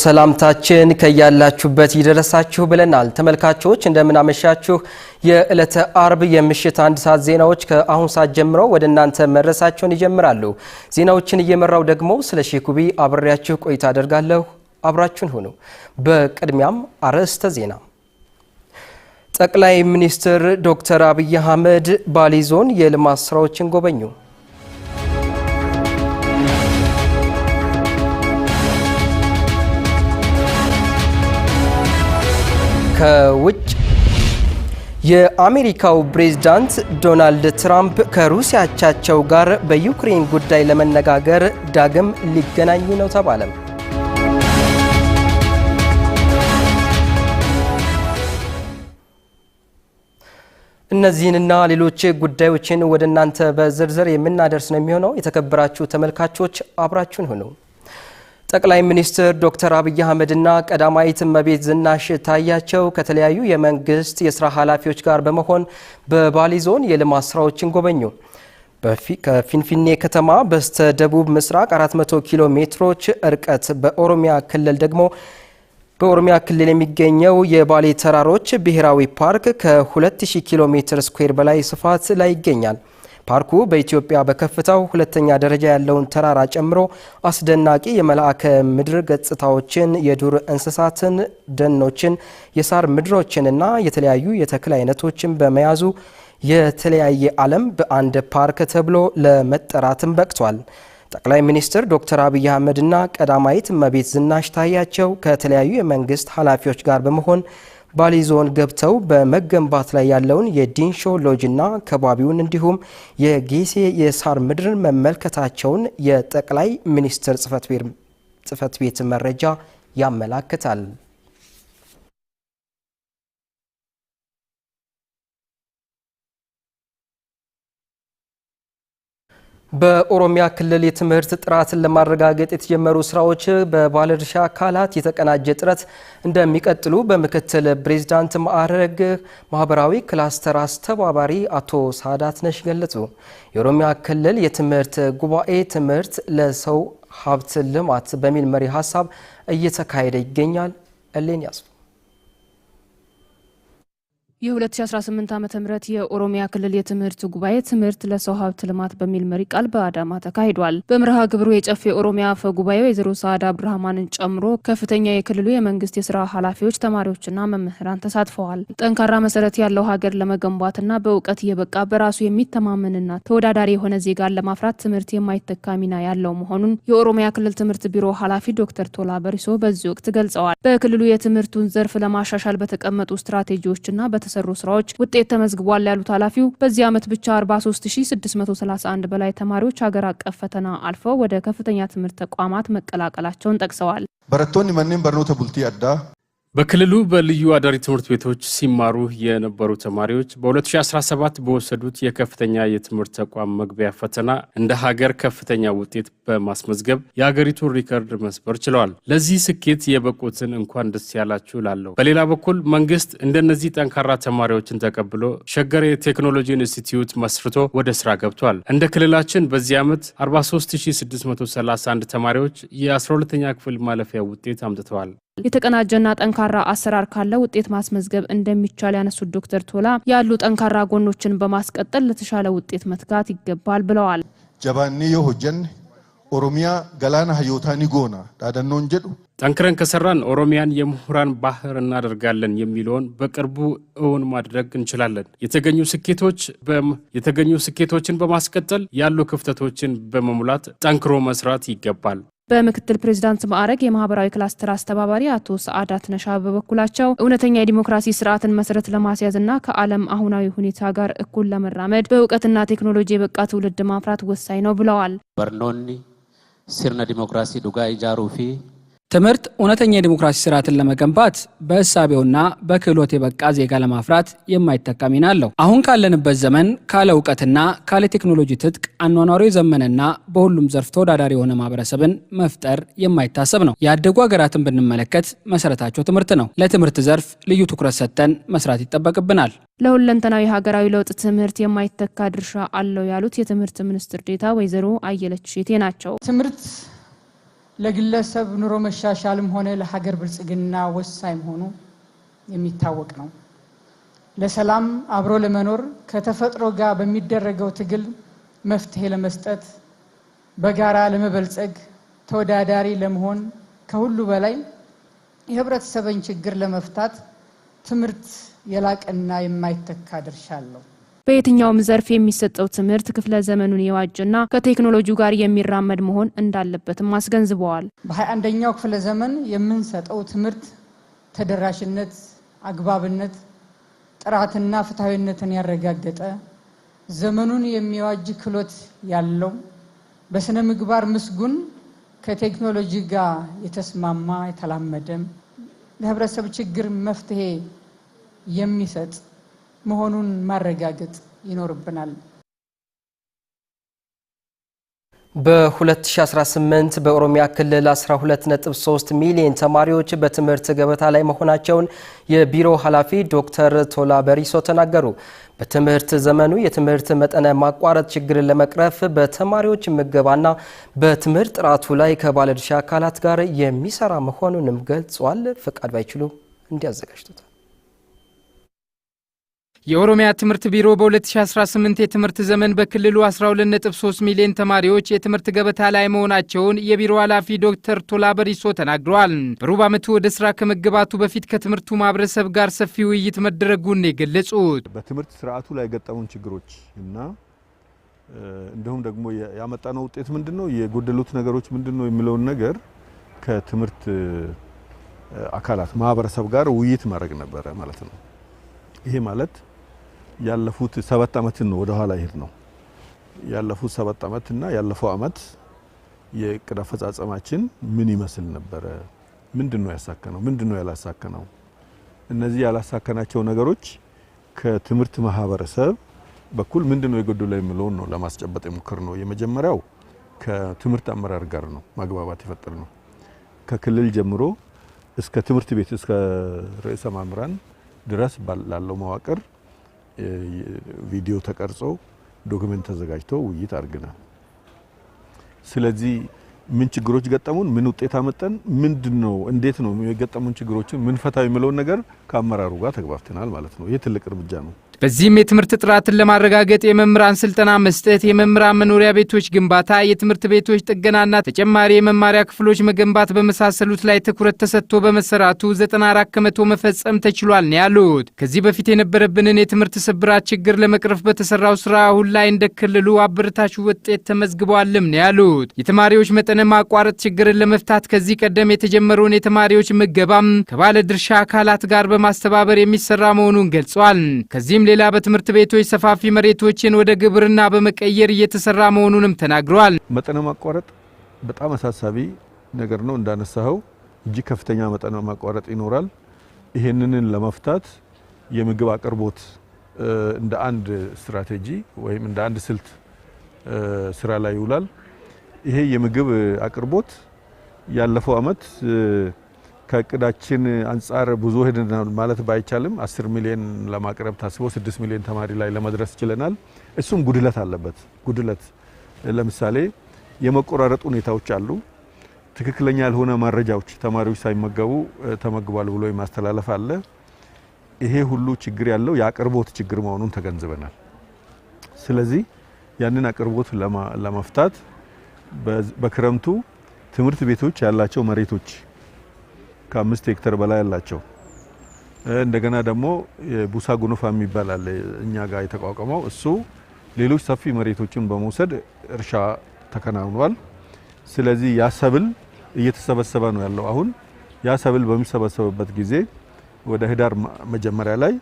ሰላምታችን ከያላችሁበት ይደረሳችሁ ብለናል። ተመልካቾች እንደምናመሻችሁ። የዕለተ አርብ የምሽት አንድ ሰዓት ዜናዎች ከአሁን ሰዓት ጀምሮ ወደ እናንተ መድረሳቸውን ይጀምራሉ። ዜናዎችን እየመራው ደግሞ ስለ ሼኩቢ አብሬያችሁ ቆይታ አደርጋለሁ። አብራችሁን ሁኑ። በቅድሚያም አርዕስተ ዜና ጠቅላይ ሚኒስትር ዶክተር አብይ አህመድ ባሌ ዞን የልማት ስራዎችን ጎበኙ። ከውጭ የአሜሪካው ፕሬዝዳንት ዶናልድ ትራምፕ ከሩሲያ አቻቸው ጋር በዩክሬን ጉዳይ ለመነጋገር ዳግም ሊገናኙ ነው ተባለ። እነዚህንና ሌሎች ጉዳዮችን ወደ እናንተ በዝርዝር የምናደርስ ነው የሚሆነው። የተከበራችሁ ተመልካቾች አብራችሁን ሁኑ። ጠቅላይ ሚኒስትር ዶክተር አብይ አህመድና ቀዳማዊት እመቤት ዝናሽ ታያቸው ከተለያዩ የመንግስት የስራ ኃላፊዎች ጋር በመሆን በባሊ ዞን የልማት ስራዎችን ጎበኙ። ከፊንፊኔ ከተማ በስተ ደቡብ ምስራቅ 400 ኪሎ ሜትሮች እርቀት በኦሮሚያ ክልል ደግሞ በኦሮሚያ ክልል የሚገኘው የባሌ ተራሮች ብሔራዊ ፓርክ ከ2000 ኪሎ ሜትር ስኩዌር በላይ ስፋት ላይ ይገኛል። ፓርኩ በኢትዮጵያ በከፍታው ሁለተኛ ደረጃ ያለውን ተራራ ጨምሮ አስደናቂ የመልአከ ምድር ገጽታዎችን፣ የዱር እንስሳትን፣ ደኖችን፣ የሳር ምድሮችንና የተለያዩ የተክል አይነቶችን በመያዙ የተለያየ ዓለም በአንድ ፓርክ ተብሎ ለመጠራትም በቅቷል። ጠቅላይ ሚኒስትር ዶክተር አብይ አህመድና ቀዳማዊት እመቤት ዝናሽ ታያቸው ከተለያዩ የመንግስት ኃላፊዎች ጋር በመሆን ባሌ ዞን ገብተው በመገንባት ላይ ያለውን የዲንሾ ሎጅና ከባቢውን እንዲሁም የጌሴ የሳር ምድርን መመልከታቸውን የጠቅላይ ሚኒስትር ጽህፈት ቤት መረጃ ያመላክታል። በኦሮሚያ ክልል የትምህርት ጥራትን ለማረጋገጥ የተጀመሩ ስራዎች በባለድርሻ አካላት የተቀናጀ ጥረት እንደሚቀጥሉ በምክትል ፕሬዚዳንት ማዕረግ ማህበራዊ ክላስተር አስተባባሪ አቶ ሳዳት ነሽ ገለጹ። የኦሮሚያ ክልል የትምህርት ጉባኤ ትምህርት ለሰው ሀብት ልማት በሚል መሪ ሀሳብ እየተካሄደ ይገኛል። እሌን ያስፋ የ2018 ዓ ም የኦሮሚያ ክልል የትምህርት ጉባኤ ትምህርት ለሰው ሀብት ልማት በሚል መሪ ቃል በአዳማ ተካሂዷል። በምርሃ ግብሩ የጨፌ የኦሮሚያ አፈ ጉባኤ ወይዘሮ ሰዓዳ አብዱራህማንን ጨምሮ ከፍተኛ የክልሉ የመንግስት የስራ ኃላፊዎች፣ ተማሪዎችና መምህራን ተሳትፈዋል። ጠንካራ መሰረት ያለው ሀገር ለመገንባትና በእውቀት እየበቃ በራሱ የሚተማመንና ተወዳዳሪ የሆነ ዜጋን ለማፍራት ትምህርት የማይተካ ሚና ያለው መሆኑን የኦሮሚያ ክልል ትምህርት ቢሮ ኃላፊ ዶክተር ቶላ በሪሶ በዚህ ወቅት ገልጸዋል። በክልሉ የትምህርቱን ዘርፍ ለማሻሻል በተቀመጡ ስትራቴጂዎችና በተሰሩ ስራዎች ውጤት ተመዝግቧል ያሉት ኃላፊው በዚህ ዓመት ብቻ 43631 በላይ ተማሪዎች ሀገር አቀፍ ፈተና አልፈው ወደ ከፍተኛ ትምህርት ተቋማት መቀላቀላቸውን ጠቅሰዋል። በረቶኒ መንን በርኖተ ቡልቲ አዳ በክልሉ በልዩ አዳሪ ትምህርት ቤቶች ሲማሩ የነበሩ ተማሪዎች በ2017 በወሰዱት የከፍተኛ የትምህርት ተቋም መግቢያ ፈተና እንደ ሀገር ከፍተኛ ውጤት በማስመዝገብ የሀገሪቱን ሪከርድ መስበር ችለዋል። ለዚህ ስኬት የበቁትን እንኳን ደስ ያላችሁ ላለው። በሌላ በኩል መንግስት እንደነዚህ ጠንካራ ተማሪዎችን ተቀብሎ ሸገር የቴክኖሎጂ ኢንስቲትዩት መስርቶ ወደ ስራ ገብቷል። እንደ ክልላችን በዚህ ዓመት 43631 ተማሪዎች የ12ኛ ክፍል ማለፊያ ውጤት አምጥተዋል። የተቀናጀና ጠንካራ አሰራር ካለ ውጤት ማስመዝገብ እንደሚቻል ያነሱት ዶክተር ቶላ ያሉ ጠንካራ ጎኖችን በማስቀጠል ለተሻለ ውጤት መትጋት ይገባል ብለዋል። ጀባኒ የሆጀን ኦሮሚያ ገላና ህዮታኒ ጎና ዳደኖን ጀዱ ጠንክረን ከሰራን ኦሮሚያን የምሁራን ባህር እናደርጋለን የሚለውን በቅርቡ እውን ማድረግ እንችላለን። የተገኙ ስኬቶች የተገኙ ስኬቶችን በማስቀጠል ያሉ ክፍተቶችን በመሙላት ጠንክሮ መስራት ይገባል። በምክትል ፕሬዚዳንት ማዕረግ የማህበራዊ ክላስተር አስተባባሪ አቶ ሰአዳት ነሻ በበኩላቸው እውነተኛ የዲሞክራሲ ስርዓትን መሰረት ለማስያዝና ከዓለም አሁናዊ ሁኔታ ጋር እኩል ለመራመድ በእውቀትና ቴክኖሎጂ የበቃ ትውልድ ማፍራት ወሳኝ ነው ብለዋል። በርኖኒ ሲርነ ዲሞክራሲ ዱጋ ኢጃሩ ፊ ትምህርት እውነተኛ የዲሞክራሲ ስርዓትን ለመገንባት በእሳቤውና በክህሎት የበቃ ዜጋ ለማፍራት የማይተካ ሚና አለው። አሁን ካለንበት ዘመን ካለ እውቀትና ካለ ቴክኖሎጂ ትጥቅ አኗኗሪ የዘመነና በሁሉም ዘርፍ ተወዳዳሪ የሆነ ማህበረሰብን መፍጠር የማይታሰብ ነው። ያደጉ ሀገራትን ብንመለከት መሰረታቸው ትምህርት ነው። ለትምህርት ዘርፍ ልዩ ትኩረት ሰጥተን መስራት ይጠበቅብናል። ለሁለንተናዊ ሀገራዊ ለውጥ ትምህርት የማይተካ ድርሻ አለው ያሉት የትምህርት ሚኒስትር ዴታ ወይዘሮ አየለች እሸቴ ናቸው። ትምህርት ለግለሰብ ኑሮ መሻሻልም ሆነ ለሀገር ብልጽግና ወሳኝ መሆኑ የሚታወቅ ነው። ለሰላም አብሮ ለመኖር ከተፈጥሮ ጋር በሚደረገው ትግል መፍትሄ ለመስጠት በጋራ ለመበልጸግ ተወዳዳሪ ለመሆን ከሁሉ በላይ የህብረተሰብን ችግር ለመፍታት ትምህርት የላቀና የማይተካ ድርሻ አለው። በየትኛውም ዘርፍ የሚሰጠው ትምህርት ክፍለ ዘመኑን የዋጀና ከቴክኖሎጂው ጋር የሚራመድ መሆን እንዳለበትም አስገንዝበዋል። በሃያ አንደኛው ክፍለ ዘመን የምንሰጠው ትምህርት ተደራሽነት፣ አግባብነት፣ ጥራትና ፍትሐዊነትን ያረጋገጠ ዘመኑን የሚዋጅ ክህሎት ያለው በስነ ምግባር ምስጉን ከቴክኖሎጂ ጋር የተስማማ የተላመደም ለህብረተሰብ ችግር መፍትሄ የሚሰጥ መሆኑን ማረጋገጥ ይኖርብናል። በ2018 በኦሮሚያ ክልል 12.3 ሚሊዮን ተማሪዎች በትምህርት ገበታ ላይ መሆናቸውን የቢሮ ኃላፊ ዶክተር ቶላ በሪሶ ተናገሩ። በትምህርት ዘመኑ የትምህርት መጠነ ማቋረጥ ችግርን ለመቅረፍ በተማሪዎች ምገባና በትምህርት ጥራቱ ላይ ከባለድርሻ አካላት ጋር የሚሰራ መሆኑንም ገልጿል። ፈቃድ ባይችሉ እንዲያዘጋጅቶታል። የኦሮሚያ ትምህርት ቢሮ በ2018 የትምህርት ዘመን በክልሉ 12.3 ሚሊዮን ተማሪዎች የትምህርት ገበታ ላይ መሆናቸውን የቢሮ ኃላፊ ዶክተር ቶላ በሪሶ ተናግረዋል። በሩብ ዓመቱ ወደ ስራ ከመግባቱ በፊት ከትምህርቱ ማህበረሰብ ጋር ሰፊ ውይይት መደረጉን የገለጹት በትምህርት ስርዓቱ ላይ የገጠሙን ችግሮች እና እንዲሁም ደግሞ ያመጣነው ውጤት ምንድን ነው፣ የጎደሉት ነገሮች ምንድን ነው የሚለውን ነገር ከትምህርት አካላት ማህበረሰብ ጋር ውይይት ማድረግ ነበረ ማለት ነው። ይሄ ማለት ያለፉት ሰባት ዓመትን ነው ወደኋላ ይሄድ ነው ያለፉት ሰባት ዓመት እና ያለፈው ዓመት የእቅድ አፈጻጸማችን ምን ይመስል ነበረ? ምንድን ነው ያሳከነው? ምንድን ነው ያላሳከነው? እነዚህ ያላሳከናቸው ነገሮች ከትምህርት ማህበረሰብ በኩል ምንድን ነው የጎደለው የሚለውን ነው ለማስጨበጥ የሞከር ነው። የመጀመሪያው ከትምህርት አመራር ጋር ነው ማግባባት የፈጠር ነው። ከክልል ጀምሮ እስከ ትምህርት ቤት እስከ ርዕሰ መምህራን ድረስ ላለው መዋቅር ቪዲዮ ተቀርጾ ዶክመንት ተዘጋጅቶ ውይይት አድርገናል። ስለዚህ ምን ችግሮች ገጠሙን፣ ምን ውጤት አመጣን፣ ምንድን ነው እንዴት ነው የገጠሙን ችግሮችን ምን ፈታ የምለውን ነገር ከአመራሩ ጋር ተግባብተናል ማለት ነው። ይህ ትልቅ እርምጃ ነው። በዚህም የትምህርት ጥራትን ለማረጋገጥ የመምህራን ስልጠና መስጠት፣ የመምህራን መኖሪያ ቤቶች ግንባታ፣ የትምህርት ቤቶች ጥገናና ተጨማሪ የመማሪያ ክፍሎች መገንባት በመሳሰሉት ላይ ትኩረት ተሰጥቶ በመሰራቱ 94 ከመቶ መፈጸም ተችሏል ነው ያሉት። ከዚህ በፊት የነበረብንን የትምህርት ስብራት ችግር ለመቅረፍ በተሰራው ስራ አሁን ላይ እንደ ክልሉ አበረታች ውጤት ተመዝግቧልም ነው ያሉት። የተማሪዎች መጠነ ማቋረጥ ችግርን ለመፍታት ከዚህ ቀደም የተጀመረውን የተማሪዎች ምገባም ከባለ ድርሻ አካላት ጋር በማስተባበር የሚሰራ መሆኑን ገልጿል። ከዚህም ሌላ በትምህርት ቤቶች ሰፋፊ መሬቶችን ወደ ግብርና በመቀየር እየተሰራ መሆኑንም ተናግረዋል። መጠነ ማቋረጥ በጣም አሳሳቢ ነገር ነው። እንዳነሳኸው እጅግ ከፍተኛ መጠነ ማቋረጥ ይኖራል። ይህንንን ለመፍታት የምግብ አቅርቦት እንደ አንድ ስትራቴጂ ወይም እንደ አንድ ስልት ስራ ላይ ይውላል። ይሄ የምግብ አቅርቦት ያለፈው አመት ከእቅዳችን አንጻር ብዙ ሄድናል ማለት ባይቻልም 10 ሚሊዮን ለማቅረብ ታስቦ 6 ሚሊዮን ተማሪ ላይ ለመድረስ ችለናል። እሱም ጉድለት አለበት። ጉድለት ለምሳሌ የመቆራረጥ ሁኔታዎች አሉ። ትክክለኛ ያልሆነ መረጃዎች ተማሪዎች ሳይመገቡ ተመግቧል ብሎ የማስተላለፍ አለ። ይሄ ሁሉ ችግር ያለው የአቅርቦት ችግር መሆኑን ተገንዝበናል። ስለዚህ ያንን አቅርቦት ለመፍታት በክረምቱ ትምህርት ቤቶች ያላቸው መሬቶች ከአምስት ሄክተር በላይ አላቸው። እንደገና ደግሞ የቡሳ ጉኑፋ የሚባል አለ እኛ ጋር የተቋቋመው እሱ ሌሎች ሰፊ መሬቶችን በመውሰድ እርሻ ተከናውኗል። ስለዚህ ያ ሰብል እየተሰበሰበ ነው ያለው። አሁን ያ ሰብል በሚሰበሰብበት ጊዜ ወደ ህዳር መጀመሪያ ላይ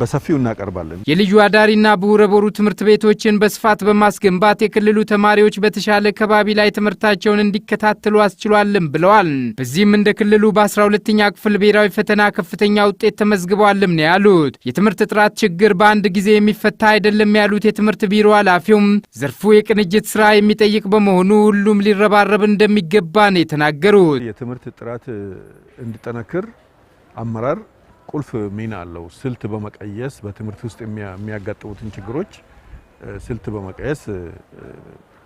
በሰፊው እናቀርባለን። የልዩ አዳሪና ብሁረቦሩ ትምህርት ቤቶችን በስፋት በማስገንባት የክልሉ ተማሪዎች በተሻለ ከባቢ ላይ ትምህርታቸውን እንዲከታተሉ አስችሏልም ብለዋል። በዚህም እንደ ክልሉ በ12ኛ ክፍል ብሔራዊ ፈተና ከፍተኛ ውጤት ተመዝግቧልም ነው ያሉት። የትምህርት ጥራት ችግር በአንድ ጊዜ የሚፈታ አይደለም ያሉት የትምህርት ቢሮ ኃላፊውም ዘርፉ የቅንጅት ስራ የሚጠይቅ በመሆኑ ሁሉም ሊረባረብ እንደሚገባ ነው የተናገሩት። የትምህርት ጥራት እንዲጠነክር አመራር ቁልፍ ሚና አለው። ስልት በመቀየስ በትምህርት ውስጥ የሚያጋጥሙትን ችግሮች ስልት በመቀየስ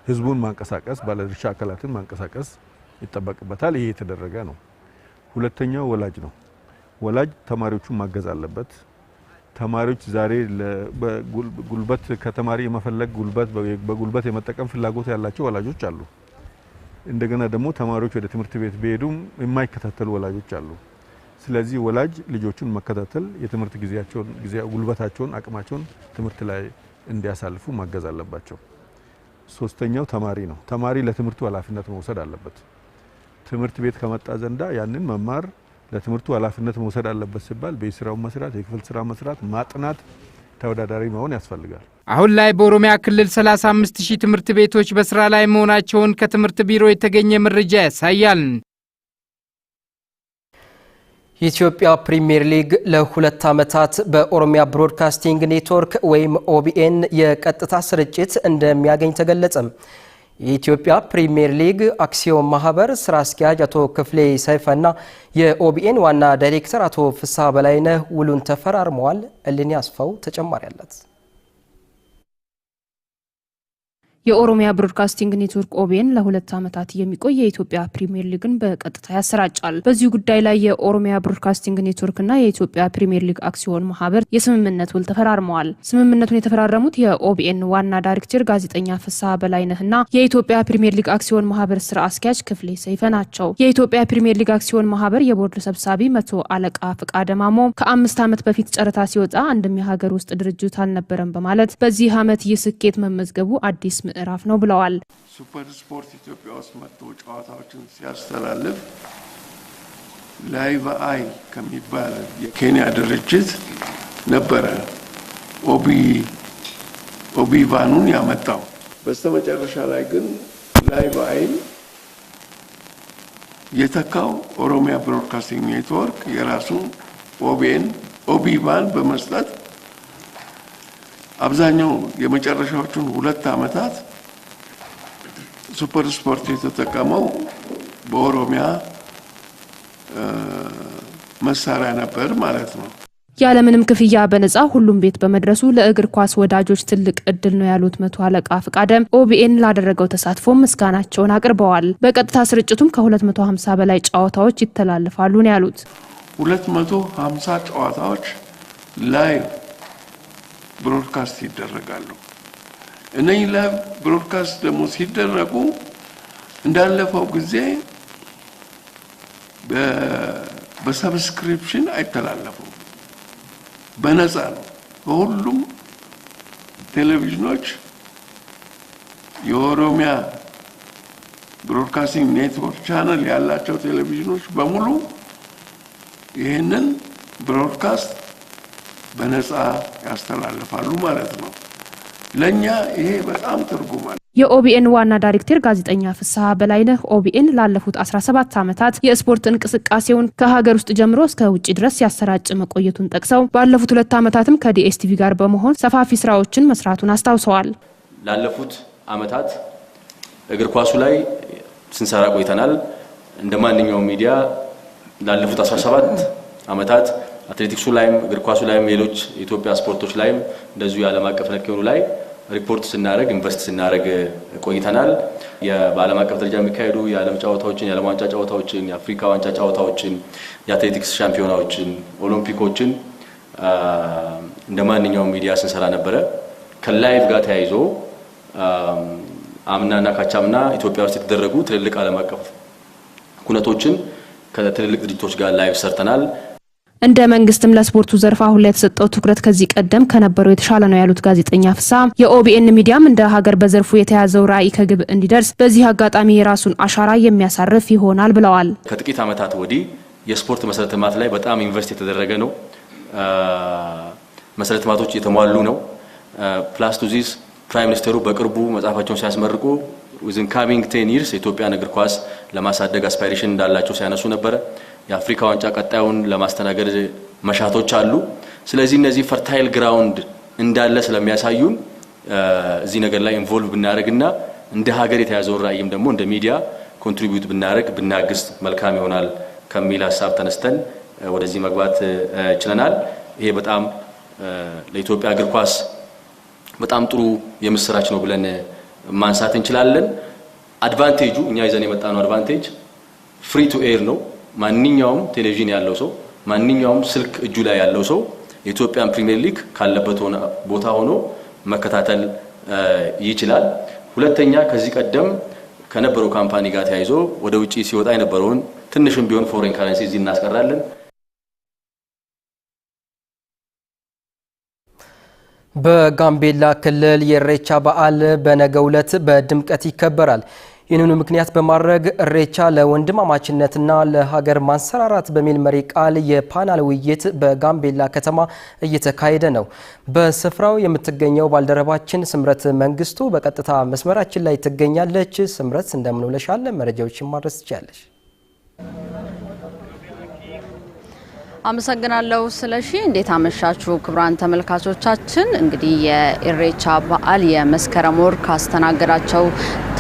ህዝቡን ማንቀሳቀስ፣ ባለድርሻ አካላትን ማንቀሳቀስ ይጠበቅበታል። ይሄ የተደረገ ነው። ሁለተኛው ወላጅ ነው። ወላጅ ተማሪዎቹን ማገዝ አለበት። ተማሪዎች ዛሬ ጉልበት ከተማሪ የመፈለግ ጉልበት በጉልበት የመጠቀም ፍላጎት ያላቸው ወላጆች አሉ። እንደገና ደግሞ ተማሪዎች ወደ ትምህርት ቤት ቢሄዱም የማይከታተሉ ወላጆች አሉ። ስለዚህ ወላጅ ልጆቹን መከታተል የትምህርት ጊዜያቸውን ጊዜ ጉልበታቸውን አቅማቸውን ትምህርት ላይ እንዲያሳልፉ ማገዝ አለባቸው። ሶስተኛው ተማሪ ነው። ተማሪ ለትምህርቱ ኃላፊነት መውሰድ አለበት። ትምህርት ቤት ከመጣ ዘንዳ ያንን መማር ለትምህርቱ ኃላፊነት መውሰድ አለበት ሲባል ቤት ስራውን መስራት፣ የክፍል ስራ መስራት፣ ማጥናት፣ ተወዳዳሪ መሆን ያስፈልጋል። አሁን ላይ በኦሮሚያ ክልል 35 ሺህ ትምህርት ቤቶች በስራ ላይ መሆናቸውን ከትምህርት ቢሮ የተገኘ መረጃ ያሳያል። የኢትዮጵያ ፕሪምየር ሊግ ለሁለት ዓመታት በኦሮሚያ ብሮድካስቲንግ ኔትወርክ ወይም ኦቢኤን የቀጥታ ስርጭት እንደሚያገኝ ተገለጸም። የኢትዮጵያ ፕሪምየር ሊግ አክሲዮን ማህበር ስራ አስኪያጅ አቶ ክፍሌ ሰይፈና የኦቢኤን ዋና ዳይሬክተር አቶ ፍስሐ በላይነህ ውሉን ተፈራርመዋል። እልን ያስፋው ተጨማሪ አላት። የኦሮሚያ ብሮድካስቲንግ ኔትወርክ ኦቤን ለሁለት ዓመታት የሚቆይ የኢትዮጵያ ፕሪምየር ሊግን በቀጥታ ያሰራጫል። በዚሁ ጉዳይ ላይ የኦሮሚያ ብሮድካስቲንግ ኔትወርክና የኢትዮጵያ ፕሪምየር ሊግ አክሲዮን ማህበር የስምምነት ውል ተፈራርመዋል። ስምምነቱን የተፈራረሙት የኦቢኤን ዋና ዳይሬክተር ጋዜጠኛ ፍስሐ በላይነህና የኢትዮጵያ ፕሪምየር ሊግ አክሲዮን ማህበር ስራ አስኪያጅ ክፍሌ ሰይፈ ናቸው። የኢትዮጵያ ፕሪምየር ሊግ አክሲዮን ማህበር የቦርድ ሰብሳቢ መቶ አለቃ ፍቃደ ማሞ ከአምስት ዓመት በፊት ጨረታ ሲወጣ አንድም የሀገር ውስጥ ድርጅት አልነበረም በማለት በዚህ ዓመት ይህ ስኬት መመዝገቡ አዲስ ምዕራፍ ነው ብለዋል። ሱፐር ስፖርት ኢትዮጵያ ውስጥ መጥቶ ጨዋታዎችን ሲያስተላልፍ ላይቭ አይ ከሚባል የኬንያ ድርጅት ነበረ ኦቢ ኦቢ ቫኑን ያመጣው። በስተመጨረሻ ላይ ግን ላይቭ አይን የተካው ኦሮሚያ ብሮድካስቲንግ ኔትወርክ የራሱን ኦቢኤን ኦቢ ቫን በመስጠት አብዛኛው የመጨረሻዎቹን ሁለት ዓመታት ሱፐር ስፖርት የተጠቀመው በኦሮሚያ መሳሪያ ነበር ማለት ነው። ያለምንም ክፍያ በነጻ ሁሉም ቤት በመድረሱ ለእግር ኳስ ወዳጆች ትልቅ እድል ነው ያሉት መቶ አለቃ ፍቃደም ኦቢኤን ላደረገው ተሳትፎ ምስጋናቸውን አቅርበዋል። በቀጥታ ስርጭቱም ከ250 በላይ ጨዋታዎች ይተላልፋሉ ነው ያሉት። 250 ጨዋታዎች ላይ ብሮድካስት ይደረጋሉ። እነኚህ ላይ ብሮድካስት ደግሞ ሲደረጉ እንዳለፈው ጊዜ በሰብስክሪፕሽን አይተላለፉም፣ በነፃ ነው። በሁሉም ቴሌቪዥኖች የኦሮሚያ ብሮድካስቲንግ ኔትወርክ ቻነል ያላቸው ቴሌቪዥኖች በሙሉ ይህንን ብሮድካስት በነፃ ያስተላልፋሉ ማለት ነው። ለእኛ ይሄ በጣም ትርጉማል። የኦቢኤን ዋና ዳይሬክተር ጋዜጠኛ ፍስሐ በላይነህ ኦቢኤን ላለፉት 17 ዓመታት የስፖርት እንቅስቃሴውን ከሀገር ውስጥ ጀምሮ እስከ ውጭ ድረስ ሲያሰራጭ መቆየቱን ጠቅሰው ባለፉት ሁለት ዓመታትም ከዲኤስቲቪ ጋር በመሆን ሰፋፊ ስራዎችን መስራቱን አስታውሰዋል። ላለፉት ዓመታት እግር ኳሱ ላይ ስንሰራ ቆይተናል። እንደ ማንኛውም ሚዲያ ላለፉት 17 ዓመታት አትሌቲክሱ ላይም እግር ኳሱ ላይም ሌሎች የኢትዮጵያ ስፖርቶች ላይም እንደዚሁ የዓለም አቀፍ ነክ የሆኑ ላይ ሪፖርት ስናደረግ ኢንቨስት ስናደረግ ቆይተናል። በዓለም አቀፍ ደረጃ የሚካሄዱ የዓለም ጨዋታዎችን፣ የዓለም ዋንጫ ጨዋታዎችን፣ የአፍሪካ ዋንጫ ጨዋታዎችን፣ የአትሌቲክስ ሻምፒዮናዎችን፣ ኦሎምፒኮችን እንደ ማንኛውም ሚዲያ ስንሰራ ነበረ። ከላይቭ ጋር ተያይዞ አምናና ካቻምና ኢትዮጵያ ውስጥ የተደረጉ ትልልቅ ዓለም አቀፍ ኩነቶችን ከትልልቅ ድርጅቶች ጋር ላይቭ ሰርተናል። እንደ መንግስትም ለስፖርቱ ዘርፍ አሁን ላይ የተሰጠው ትኩረት ከዚህ ቀደም ከነበረው የተሻለ ነው ያሉት ጋዜጠኛ ፍሳ የኦቢኤን ሚዲያም እንደ ሀገር በዘርፉ የተያዘው ራዕይ ከግብ እንዲደርስ በዚህ አጋጣሚ የራሱን አሻራ የሚያሳርፍ ይሆናል ብለዋል። ከጥቂት ዓመታት ወዲህ የስፖርት መሰረተ ልማት ላይ በጣም ኢንቨስት የተደረገ ነው። መሰረተ ልማቶች የተሟሉ ነው። ፕላስ ቱ ዚስ ፕራይም ሚኒስተሩ በቅርቡ መጽሐፋቸውን ሲያስመርቁ ዊዝን ካሚንግ ቴን ይርስ የኢትዮጵያን እግር ኳስ ለማሳደግ አስፓይሬሽን እንዳላቸው ሲያነሱ ነበረ። የአፍሪካ ዋንጫ ቀጣዩን ለማስተናገድ መሻቶች አሉ። ስለዚህ እነዚህ ፈርታይል ግራውንድ እንዳለ ስለሚያሳዩን እዚህ ነገር ላይ ኢንቮልቭ ብናደርግና እንደ ሀገር የተያዘውን ራዕይም ደግሞ እንደ ሚዲያ ኮንትሪቢዩት ብናደርግ ብናግዝ መልካም ይሆናል ከሚል ሀሳብ ተነስተን ወደዚህ መግባት ችለናል። ይሄ በጣም ለኢትዮጵያ እግር ኳስ በጣም ጥሩ የምስራች ነው ብለን ማንሳት እንችላለን። አድቫንቴጁ እኛ ይዘን የመጣ ነው አድቫንቴጅ ፍሪ ቱ ኤር ነው። ማንኛውም ቴሌቪዥን ያለው ሰው ማንኛውም ስልክ እጁ ላይ ያለው ሰው የኢትዮጵያን ፕሪሚየር ሊግ ካለበት ቦታ ሆኖ መከታተል ይችላል። ሁለተኛ ከዚህ ቀደም ከነበረው ካምፓኒ ጋር ተያይዞ ወደ ውጭ ሲወጣ የነበረውን ትንሽም ቢሆን ፎሬን ካረንሲ እዚህ እናስቀራለን። በጋምቤላ ክልል የኢሬቻ በዓል በነገው ዕለት በድምቀት ይከበራል። ይህንኑ ምክንያት በማድረግ ኢሬቻ ለወንድማማችነትና ለሀገር ማንሰራራት በሚል መሪ ቃል የፓናል ውይይት በጋምቤላ ከተማ እየተካሄደ ነው። በስፍራው የምትገኘው ባልደረባችን ስምረት መንግስቱ በቀጥታ መስመራችን ላይ ትገኛለች። ስምረት እንደምንውለሻለ መረጃዎችን ማድረስ ትችያለሽ? አመሰግናለሁ ስለሺ። እንዴት አመሻችሁ ክቡራን ተመልካቾቻችን። እንግዲህ የኢሬቻ በዓል የመስከረም ወር ካስተናገዳቸው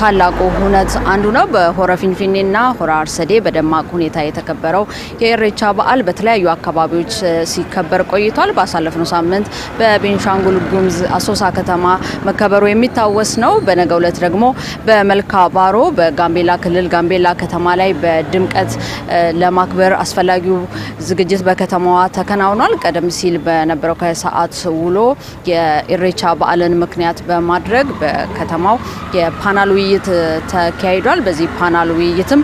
ታላቁ ሁነት አንዱ ነው። በሆረ ፊንፊኔና ሆረ አርሰዴ በደማቅ ሁኔታ የተከበረው የኢሬቻ በዓል በተለያዩ አካባቢዎች ሲከበር ቆይቷል። ባሳለፍነው ሳምንት በቤንሻንጉል ጉምዝ አሶሳ ከተማ መከበሩ የሚታወስ ነው። በነገው ዕለት ደግሞ በመልካ ባሮ በጋምቤላ ክልል ጋምቤላ ከተማ ላይ በድምቀት ለማክበር አስፈላጊው ዝግጅት በከተማዋ ተከናውኗል። ቀደም ሲል በነበረው ከሰዓት ውሎ የኢሬቻ በዓልን ምክንያት በማድረግ በከተማው የፓናል ውይይት ተካሂዷል። በዚህ ፓናል ውይይትም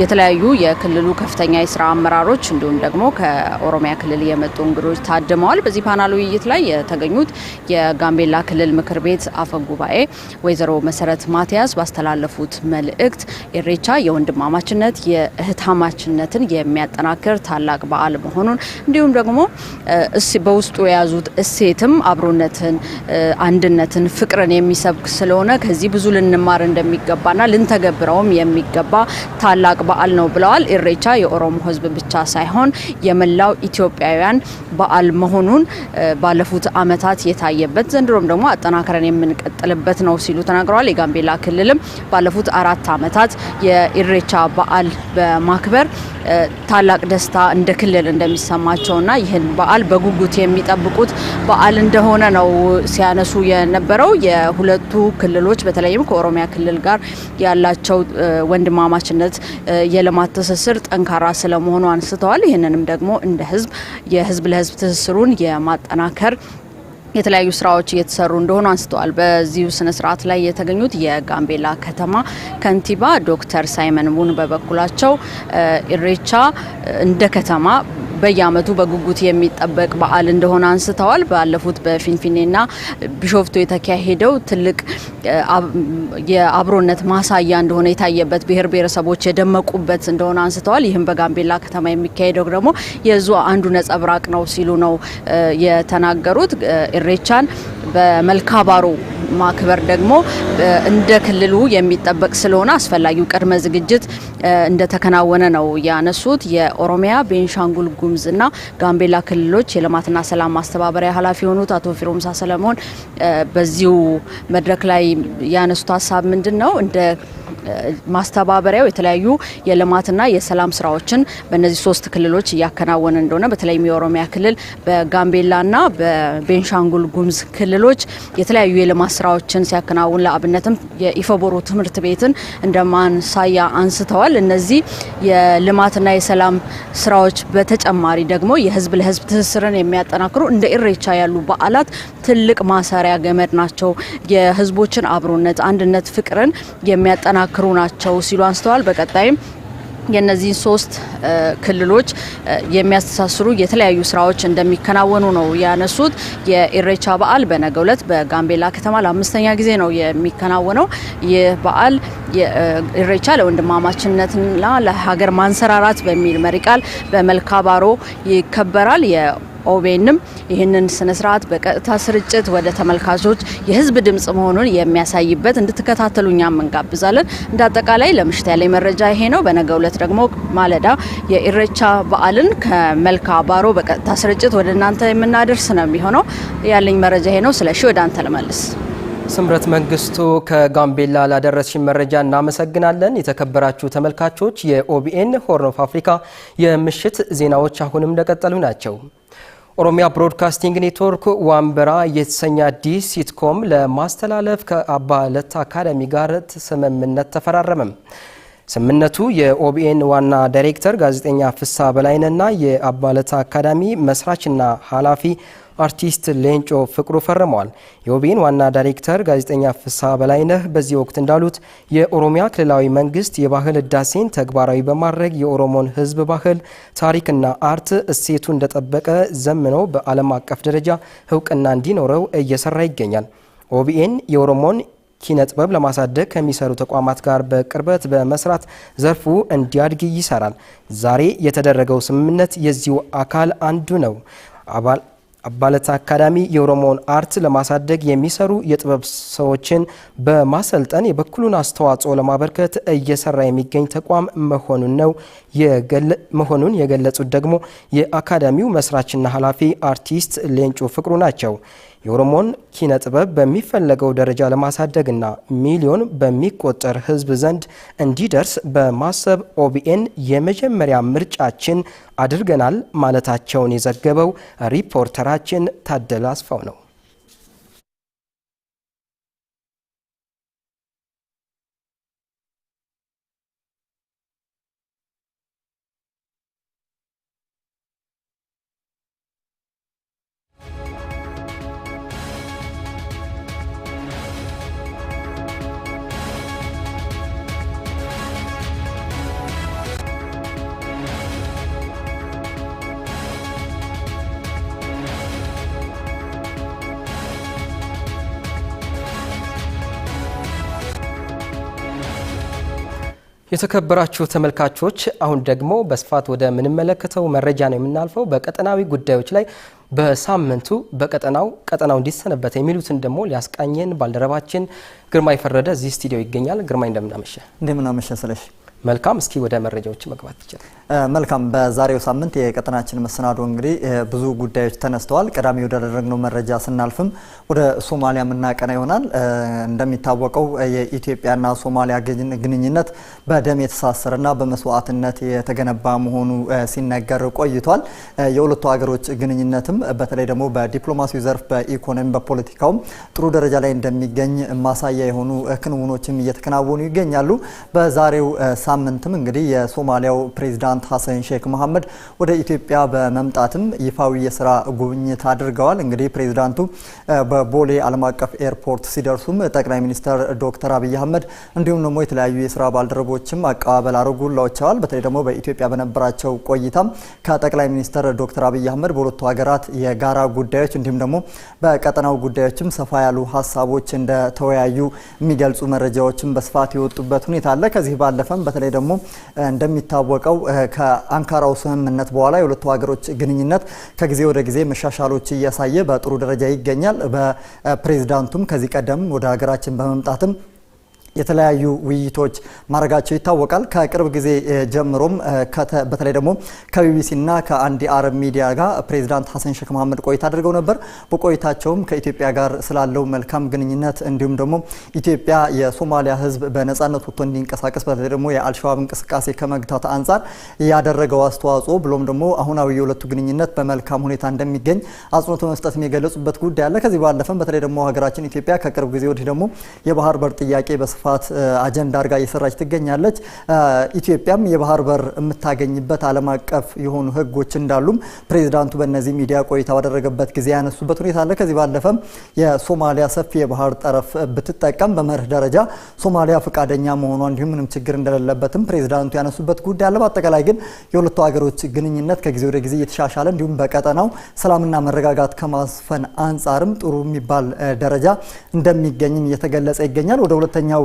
የተለያዩ የክልሉ ከፍተኛ የስራ አመራሮች እንዲሁም ደግሞ ከኦሮሚያ ክልል የመጡ እንግዶች ታድመዋል። በዚህ ፓናል ውይይት ላይ የተገኙት የጋምቤላ ክልል ምክር ቤት አፈ ጉባኤ ወይዘሮ መሰረት ማቲያስ ባስተላለፉት መልእክት ኢሬቻ የወንድማማችነት የእህታማችነትን የሚያጠናክር ታላቅ በዓል መሆኑን እንዲሁም ደግሞ በውስጡ የያዙት እሴትም አብሮነትን፣ አንድነትን፣ ፍቅርን የሚሰብክ ስለሆነ ከዚህ ብዙ ልንማር እንደሚገባና ልንተገብረውም የሚገባ ታላቅ በዓል ነው ብለዋል። ኢሬቻ የኦሮሞ ሕዝብ ብቻ ሳይሆን የመላው ኢትዮጵያውያን በዓል መሆኑን ባለፉት ዓመታት የታየበት ዘንድሮም ደግሞ አጠናክረን የምንቀጥልበት ነው ሲሉ ተናግረዋል። የጋምቤላ ክልልም ባለፉት አራት ዓመታት የኢሬቻ በዓል በማክበር ታላቅ ደስታ እንደ ክልል እንደሚሰማቸው እንደሚሰማቸውና ይህን በዓል በጉጉት የሚጠብቁት በዓል እንደሆነ ነው ሲያነሱ የነበረው። የሁለቱ ክልሎች በተለይም ከኦሮሚያ ክልል ጋር ያላቸው ወንድማማችነት፣ የልማት ትስስር ጠንካራ ስለመሆኑ አንስተዋል። ይህንንም ደግሞ እንደ ህዝብ የህዝብ ለህዝብ ትስስሩን የማጠናከር የተለያዩ ስራዎች እየተሰሩ እንደሆኑ አንስተዋል። በዚሁ ስነ ስርዓት ላይ የተገኙት የጋምቤላ ከተማ ከንቲባ ዶክተር ሳይመን ቡን በበኩላቸው ኢሬቻ እንደ ከተማ በየአመቱ በጉጉት የሚጠበቅ በዓል እንደሆነ አንስተዋል። ባለፉት በፊንፊኔና ቢሾፍቱ የተካሄደው ትልቅ የአብሮነት ማሳያ እንደሆነ የታየበት ብሔር ብሔረሰቦች የደመቁበት እንደሆነ አንስተዋል። ይህም በጋምቤላ ከተማ የሚካሄደው ደግሞ የዙ አንዱ ነጸብራቅ ነው ሲሉ ነው የተናገሩት። ኢሬቻን በመልካባሮ ማክበር ደግሞ እንደ ክልሉ የሚጠበቅ ስለሆነ አስፈላጊው ቅድመ ዝግጅት እንደተከናወነ ነው ያነሱት። የኦሮሚያ ቤንሻንጉል ጉሙዝና ጋምቤላ ክልሎች የልማትና ሰላም ማስተባበሪያ ኃላፊ የሆኑት አቶ ፊሮምሳ ሰለሞን በዚሁ መድረክ ላይ ያነሱት ሀሳብ ምንድን ነው እንደ ማስተባበሪያው የተለያዩ የልማትና የሰላም ስራዎችን በእነዚህ ሶስት ክልሎች እያከናወነ እንደሆነ በተለይም የኦሮሚያ ክልል በጋምቤላና በቤንሻንጉል ጉምዝ ክልሎች የተለያዩ የልማት ስራዎችን ሲያከናውን ለአብነትም የኢፈቦሮ ትምህርት ቤትን እንደ ማንሳያ አንስተዋል። እነዚህ የልማትና የሰላም ስራዎች በተጨማሪ ደግሞ የህዝብ ለህዝብ ትስስርን የሚያጠናክሩ እንደ ኢሬቻ ያሉ በዓላት ትልቅ ማሰሪያ ገመድ ናቸው። የህዝቦችን አብሮነት፣ አንድነት፣ ፍቅርን የሚያጠናክሩ የሚያጠናክሩ ናቸው ሲሉ አንስተዋል። በቀጣይም የእነዚህን ሶስት ክልሎች የሚያስተሳስሩ የተለያዩ ስራዎች እንደሚከናወኑ ነው ያነሱት። የኢሬቻ በዓል በነገ ዕለት በጋምቤላ ከተማ ለአምስተኛ ጊዜ ነው የሚከናወነው። ይህ በዓል ኢሬቻ ለወንድማማችነትና ለሀገር ማንሰራራት በሚል መሪ ቃል በመልካባሮ ይከበራል። ኦቤንም ይህንን ስነስርዓት በቀጥታ ስርጭት ወደ ተመልካቾች የህዝብ ድምጽ መሆኑን የሚያሳይበት እንድትከታተሉኛም እንጋብዛለን። እንደ አጠቃላይ ለምሽት ያለኝ መረጃ ይሄ ነው። በነገ ሁለት ደግሞ ማለዳ የኢሬቻ በዓልን ከመልካ ባሮ በቀጥታ ስርጭት ወደ እናንተ የምናደርስ ነው የሚሆነው። ያለኝ መረጃ ይሄ ነው። ስለሺ ወደ አንተ ልመልስ። ስምረት መንግስቱ ከጋምቤላ ላደረስሽን መረጃ እናመሰግናለን። የተከበራችሁ ተመልካቾች የኦቢኤን ሆርን ኦፍ አፍሪካ የምሽት ዜናዎች አሁንም እንደቀጠሉ ናቸው። ኦሮሚያ ብሮድካስቲንግ ኔትወርክ ዋንበራ የተሰኘ አዲስ ሲትኮም ለማስተላለፍ ከአባለት አካዳሚ ጋር ስምምነት ተፈራረመም። ስምነቱ የኦቢኤን ዋና ዳይሬክተር ጋዜጠኛ ፍሳ በላይነና የአባለታ አካዳሚ መስራችና ኃላፊ አርቲስት ሌንጮ ፍቅሩ ፈርመዋል። የኦቢኤን ዋና ዳይሬክተር ጋዜጠኛ ፍሳ በላይነህ በዚህ ወቅት እንዳሉት የኦሮሚያ ክልላዊ መንግስት የባህል ህዳሴን ተግባራዊ በማድረግ የኦሮሞን ህዝብ ባህል፣ ታሪክና አርት እሴቱ እንደጠበቀ ዘምኖ በዓለም አቀፍ ደረጃ እውቅና እንዲኖረው እየሰራ ይገኛል። ኦቢኤን የኦሮሞን ኪነ ጥበብ ለማሳደግ ከሚሰሩ ተቋማት ጋር በቅርበት በመስራት ዘርፉ እንዲያድግ ይሰራል። ዛሬ የተደረገው ስምምነት የዚሁ አካል አንዱ ነው። አባለት አካዳሚ የኦሮሞን አርት ለማሳደግ የሚሰሩ የጥበብ ሰዎችን በማሰልጠን የበኩሉን አስተዋጽኦ ለማበርከት እየሰራ የሚገኝ ተቋም መሆኑን ነው መሆኑን የገለጹት ደግሞ የአካዳሚው መስራችና ኃላፊ አርቲስት ሌንጮ ፍቅሩ ናቸው። የኦሮሞን ኪነ ጥበብ በሚፈለገው ደረጃ ለማሳደግና ሚሊዮን በሚቆጠር ሕዝብ ዘንድ እንዲደርስ በማሰብ ኦቢኤን የመጀመሪያ ምርጫችን አድርገናል ማለታቸውን የዘገበው ሪፖርተራችን ታደለ አስፋው ነው። የተከበራችሁ ተመልካቾች አሁን ደግሞ በስፋት ወደ ምንመለከተው መረጃ ነው የምናልፈው። በቀጠናዊ ጉዳዮች ላይ በሳምንቱ በቀጠናው ቀጠናው እንዲሰነበት የሚሉትን ደግሞ ሊያስቃኘን ባልደረባችን ግርማ የፈረደ እዚህ ስቱዲዮ ይገኛል። ግርማ እንደምናመሸ እንደምናመሸ ስለሽ መልካም እስኪ ወደ መረጃዎች መግባት ይችላል። መልካም በዛሬው ሳምንት የቀጠናችን መሰናዶ እንግዲህ ብዙ ጉዳዮች ተነስተዋል። ቀዳሚ ወዳደረግነው መረጃ ስናልፍም ወደ ሶማሊያ የምናቀና ይሆናል። እንደሚታወቀው የኢትዮጵያና ሶማሊያ ግንኙነት በደም የተሳሰረና በመስዋዕትነት የተገነባ መሆኑ ሲነገር ቆይቷል። የሁለቱ ሀገሮች ግንኙነትም በተለይ ደግሞ በዲፕሎማሲው ዘርፍ፣ በኢኮኖሚ፣ በፖለቲካውም ጥሩ ደረጃ ላይ እንደሚገኝ ማሳያ የሆኑ ክንውኖችም እየተከናወኑ ይገኛሉ። በዛሬው ሳምንትም እንግዲህ የሶማሊያው ፕሬዚዳንት ሀሰን ሼክ መሐመድ ወደ ኢትዮጵያ በመምጣትም ይፋዊ የስራ ጉብኝት አድርገዋል። እንግዲህ ፕሬዚዳንቱ በቦሌ ዓለም አቀፍ ኤርፖርት ሲደርሱም ጠቅላይ ሚኒስትር ዶክተር አብይ አህመድ እንዲሁም ደግሞ የተለያዩ የስራ ባልደረቦችም አቀባበል አድርጎላቸዋል። በተለይ ደግሞ በኢትዮጵያ በነበራቸው ቆይታም ከጠቅላይ ሚኒስትር ዶክተር አብይ አህመድ በሁለቱ ሀገራት የጋራ ጉዳዮች እንዲሁም ደግሞ በቀጠናው ጉዳዮችም ሰፋ ያሉ ሀሳቦች እንደተወያዩ የሚገልጹ መረጃዎችም በስፋት የወጡበት ሁኔታ አለ። ከዚህ ባለፈም በተለይ ደግሞ እንደሚታወቀው ከአንካራው ስምምነት በኋላ የሁለቱ ሀገሮች ግንኙነት ከጊዜ ወደ ጊዜ መሻሻሎች እያሳየ በጥሩ ደረጃ ይገኛል። በፕሬዚዳንቱም ከዚህ ቀደም ወደ ሀገራችን በመምጣትም የተለያዩ ውይይቶች ማድረጋቸው ይታወቃል። ከቅርብ ጊዜ ጀምሮም በተለይ ደግሞ ከቢቢሲና ከአንድ አረብ ሚዲያ ጋር ፕሬዚዳንት ሀሰን ሼክ መሀመድ ቆይታ አድርገው ነበር። በቆይታቸውም ከኢትዮጵያ ጋር ስላለው መልካም ግንኙነት እንዲሁም ደግሞ ኢትዮጵያ የሶማሊያ ሕዝብ በነጻነት ወጥቶ እንዲንቀሳቀስ በተለይ ደግሞ የአልሸባብ እንቅስቃሴ ከመግታት አንጻር ያደረገው አስተዋጽኦ ብሎም ደግሞ አሁናዊ የሁለቱ ግንኙነት በመልካም ሁኔታ እንደሚገኝ አጽንኦት በመስጠት የገለጹበት ጉዳይ አለ። ከዚህ ባለፈም በተለይ ደግሞ ሀገራችን ኢትዮጵያ ከቅርብ ጊዜ ወዲህ ደግሞ የባህር በር ጥያቄ በስፋ የማስፋት አጀንዳ አርጋ እየሰራች ትገኛለች። ኢትዮጵያም የባህር በር የምታገኝበት ዓለም አቀፍ የሆኑ ህጎች እንዳሉም ፕሬዚዳንቱ በእነዚህ ሚዲያ ቆይታ ባደረገበት ጊዜ ያነሱበት ሁኔታ አለ። ከዚህ ባለፈም የሶማሊያ ሰፊ የባህር ጠረፍ ብትጠቀም በመርህ ደረጃ ሶማሊያ ፈቃደኛ መሆኗ እንዲሁም ምንም ችግር እንደሌለበትም ፕሬዚዳንቱ ያነሱበት ጉዳይ አለ። በአጠቃላይ ግን የሁለቱ ሀገሮች ግንኙነት ከጊዜ ወደ ጊዜ እየተሻሻለ እንዲሁም በቀጠናው ሰላምና መረጋጋት ከማስፈን አንጻርም ጥሩ የሚባል ደረጃ እንደሚገኝም እየተገለጸ ይገኛል። ወደ ሁለተኛው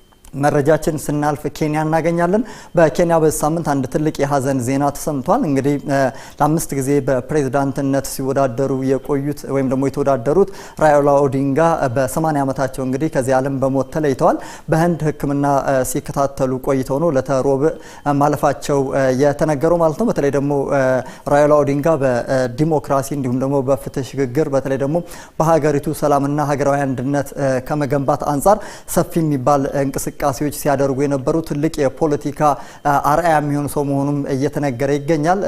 መረጃችን ስናልፍ ኬንያ እናገኛለን። በኬንያ በዚህ ሳምንት አንድ ትልቅ የሀዘን ዜና ተሰምቷል። እንግዲህ ለአምስት ጊዜ በፕሬዝዳንትነት ሲወዳደሩ የቆዩት ወይም ደግሞ የተወዳደሩት ራዮላ ኦዲንጋ በ80 ዓመታቸው እንግዲህ ከዚህ ዓለም በሞት ተለይተዋል። በህንድ ሕክምና ሲከታተሉ ቆይተው ነው ለተሮብ ማለፋቸው የተነገረው ማለት ነው። በተለይ ደግሞ ራዮላ ኦዲንጋ በዲሞክራሲ እንዲሁም ደግሞ በፍትህ ሽግግር በተለይ ደግሞ በሀገሪቱ ሰላምና ሀገራዊ አንድነት ከመገንባት አንጻር ሰፊ የሚባል እንቅስቃሴ እንቅስቃሴዎች ሲያደርጉ የነበሩ ትልቅ የፖለቲካ አርአያ የሚሆኑ ሰው መሆኑም እየተነገረ ይገኛል።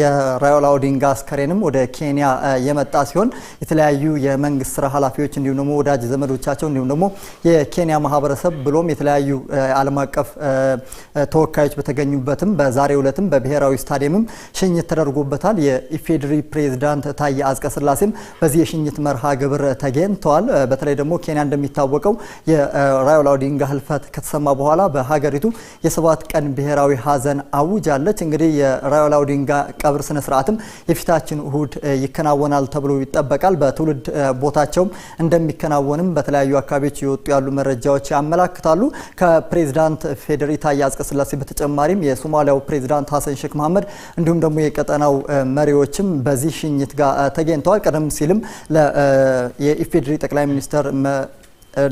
የራዮላ ኦዲንጋ አስከሬንም ወደ ኬንያ የመጣ ሲሆን የተለያዩ የመንግስት ስራ ኃላፊዎች እንዲሁም ደግሞ ወዳጅ ዘመዶቻቸው እንዲሁም ደግሞ የኬንያ ማህበረሰብ ብሎም የተለያዩ ዓለም አቀፍ ተወካዮች በተገኙበትም በዛሬው ዕለትም በብሔራዊ ስታዲየምም ሽኝት ተደርጎበታል። የኢፌዴሪ ፕሬዝዳንት ታዬ አጽቀሥላሴም በዚህ የሽኝት መርሃ ግብር ተገኝተዋል። በተለይ ደግሞ ኬንያ እንደሚታወቀው ዲንጋ ህልፈት ከተሰማ በኋላ በሀገሪቱ የሰባት ቀን ብሔራዊ ሀዘን አውጃለች። እንግዲህ የራዮላውዲንጋ ቀብር ስነ ስርዓትም የፊታችን እሁድ ይከናወናል ተብሎ ይጠበቃል። በትውልድ ቦታቸውም እንደሚከናወንም በተለያዩ አካባቢዎች የወጡ ያሉ መረጃዎች ያመላክታሉ። ከፕሬዚዳንት ፌዴሪ ታዬ አጽቀሥላሴ በተጨማሪም የሶማሊያው ፕሬዚዳንት ሀሰን ሼክ መሐመድ እንዲሁም ደግሞ የቀጠናው መሪዎችም በዚህ ሽኝት ጋር ተገኝተዋል። ቀደም ሲልም የኢፌዴሪ ጠቅላይ ሚኒስተር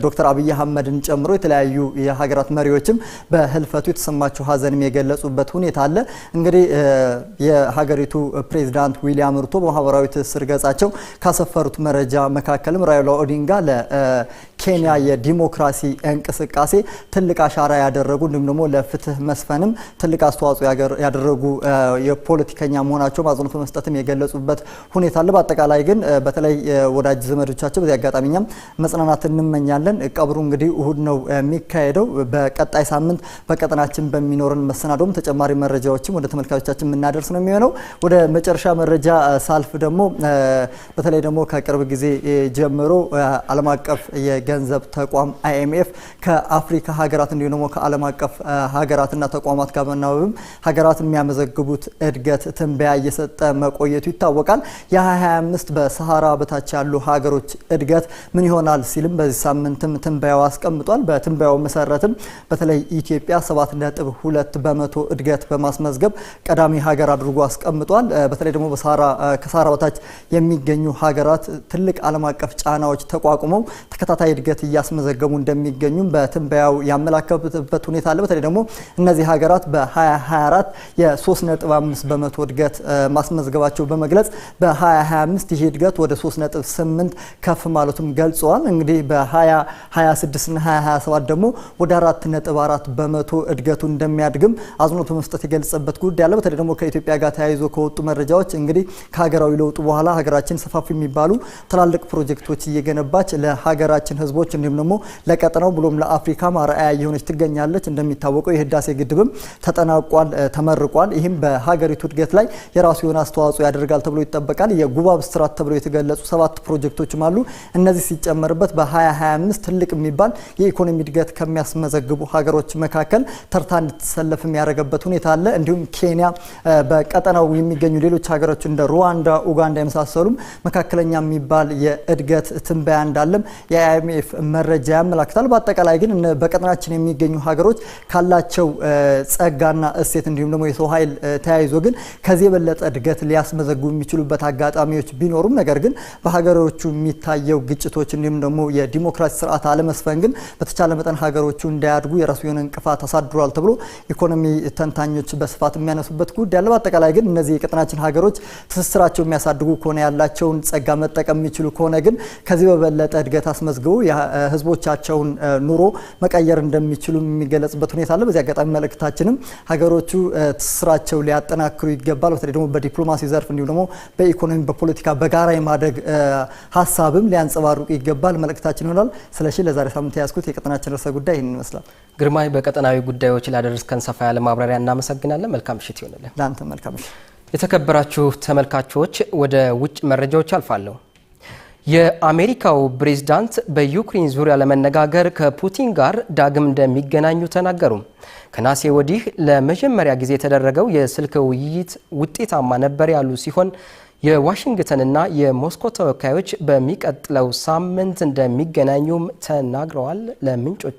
ዶክተር አብይ አህመድን ጨምሮ የተለያዩ የሀገራት መሪዎችም በህልፈቱ የተሰማቸው ሀዘንም የገለጹበት ሁኔታ አለ። እንግዲህ የሀገሪቱ ፕሬዚዳንት ዊሊያም ሩቶ በማህበራዊ ትስስር ገጻቸው ካሰፈሩት መረጃ መካከልም ራይላ ኦዲንጋ ለኬንያ የዲሞክራሲ እንቅስቃሴ ትልቅ አሻራ ያደረጉ እንዲሁም ደግሞ ለፍትህ መስፈንም ትልቅ አስተዋጽኦ ያደረጉ የፖለቲከኛ መሆናቸውም አጽንኦት መስጠትም የገለጹበት ሁኔታ አለ። በአጠቃላይ ግን በተለይ ወዳጅ ዘመዶቻቸው በዚህ አጋጣሚኛም መጽናናት እንመኛል። እንገኛለን። ቀብሩ እንግዲህ እሁድ ነው የሚካሄደው። በቀጣይ ሳምንት በቀጠናችን በሚኖረን መሰናዶም ተጨማሪ መረጃዎችም ወደ ተመልካቾቻችን የምናደርስ ነው የሚሆነው። ወደ መጨረሻ መረጃ ሳልፍ ደግሞ በተለይ ደግሞ ከቅርብ ጊዜ ጀምሮ ዓለም አቀፍ የገንዘብ ተቋም አይኤምኤፍ ከአፍሪካ ሀገራት እንዲሁም ደግሞ ከዓለም አቀፍ ሀገራትና ተቋማት ጋር በመናበብም ሀገራት የሚያመዘግቡት እድገት ትንበያ እየሰጠ መቆየቱ ይታወቃል። የ2025 በሰሃራ በታች ያሉ ሀገሮች እድገት ምን ይሆናል ሲልም በዚህ ሳምንትም ትንበያው አስቀምጧል። በትንበያው መሰረትም በተለይ ኢትዮጵያ 7.2 በመቶ እድገት በማስመዝገብ ቀዳሚ ሀገር አድርጎ አስቀምጧል። በተለይ ደግሞ ከሳራ በታች የሚገኙ ሀገራት ትልቅ ዓለም አቀፍ ጫናዎች ተቋቁመው ተከታታይ እድገት እያስመዘገቡ እንደሚገኙም በትንበያው ያመላከበት ሁኔታ አለ። በተለይ ደግሞ እነዚህ ሀገራት በ2024 የ3.5 በመቶ እድገት ማስመዝገባቸው በመግለጽ በ2025 ይሄ እድገት ወደ 3.8 ከፍ ማለቱም ገልጸዋል። እንግዲህ በ 2025 2026 እና 2027 ደግሞ ወደ አራት 4.4 በመቶ እድገቱ እንደሚያድግም አጽንኦት በመስጠት የገለጸበት ጉዳይ አለ። በተለይ ደግሞ ከኢትዮጵያ ጋር ተያይዞ ከወጡ መረጃዎች እንግዲህ ከሀገራዊ ለውጡ በኋላ ሀገራችን ሰፋፊ የሚባሉ ትላልቅ ፕሮጀክቶች እየገነባች ለሀገራችን ህዝቦች እንዲሁም ደግሞ ለቀጠናው ብሎም ለአፍሪካም አርአያ የሆነች ትገኛለች። እንደሚታወቀው የህዳሴ ግድብም ተጠናቋል፣ ተመርቋል። ይህም በሀገሪቱ እድገት ላይ የራሱ የሆነ አስተዋጽኦ ያደርጋል ተብሎ ይጠበቃል። የጉባ ብስራት ተብሎ የተገለጹ ሰባት ፕሮጀክቶችም አሉ። እነዚህ ሲጨመርበት በ2020 2025 ትልቅ የሚባል የኢኮኖሚ እድገት ከሚያስመዘግቡ ሀገሮች መካከል ተርታ እንድትሰለፍ የሚያደርገበት ሁኔታ አለ። እንዲሁም ኬንያ፣ በቀጠናው የሚገኙ ሌሎች ሀገሮች እንደ ሩዋንዳ፣ ኡጋንዳ የመሳሰሉም መካከለኛ የሚባል የእድገት ትንበያ እንዳለም የአይኤምኤፍ መረጃ ያመላክታል። በአጠቃላይ ግን በቀጠናችን የሚገኙ ሀገሮች ካላቸው ጸጋና እሴት እንዲሁም ደግሞ የሰው ኃይል ተያይዞ ግን ከዚህ የበለጠ እድገት ሊያስመዘግቡ የሚችሉበት አጋጣሚዎች ቢኖሩም ነገር ግን በሀገሮቹ የሚታየው ግጭቶች እንዲሁም ደግሞ የዲሞክራ ዲሞክራሲ ስርዓት አለመስፈን ግን በተቻለ መጠን ሀገሮቹ እንዳያድጉ የራሱ የሆነ እንቅፋት አሳድሯል ተብሎ ኢኮኖሚ ተንታኞች በስፋት የሚያነሱበት ጉዳይ አለ። በአጠቃላይ ግን እነዚህ የቀጠናችን ሀገሮች ትስስራቸው የሚያሳድጉ ከሆነ ያላቸውን ጸጋ መጠቀም የሚችሉ ከሆነ ግን ከዚህ በበለጠ እድገት አስመዝግበው ህዝቦቻቸውን ኑሮ መቀየር እንደሚችሉ የሚገለጽበት ሁኔታ አለ። በዚህ አጋጣሚ መልእክታችንም ሀገሮቹ ትስስራቸው ሊያጠናክሩ ይገባል። በተለይ ደግሞ በዲፕሎማሲ ዘርፍ እንዲሁም ደግሞ በኢኮኖሚ፣ በፖለቲካ በጋራ የማደግ ሀሳብም ሊያንጸባርቁ ይገባል መልእክታችን ይሆናል። ስለሺ ለዛሬ ሳምንት የያዝኩት የቀጠናችን ርዕሰ ጉዳይ ይህን ይመስላል። ግርማይ፣ በቀጠናዊ ጉዳዮች ላደረስከን ሰፋ ያለ ማብራሪያ እናመሰግናለን። መልካም ምሽት ይሆንልን። ለአንተ መልካም ምሽት። የተከበራችሁ ተመልካቾች፣ ወደ ውጭ መረጃዎች አልፋለሁ። የአሜሪካው ፕሬዝዳንት በዩክሬን ዙሪያ ለመነጋገር ከፑቲን ጋር ዳግም እንደሚገናኙ ተናገሩ። ከናሴ ወዲህ ለመጀመሪያ ጊዜ የተደረገው የስልክ ውይይት ውጤታማ ነበር ያሉ ሲሆን የዋሽንግተንና የሞስኮ ተወካዮች በሚቀጥለው ሳምንት እንደሚገናኙም ተናግረዋል። ለምንጮች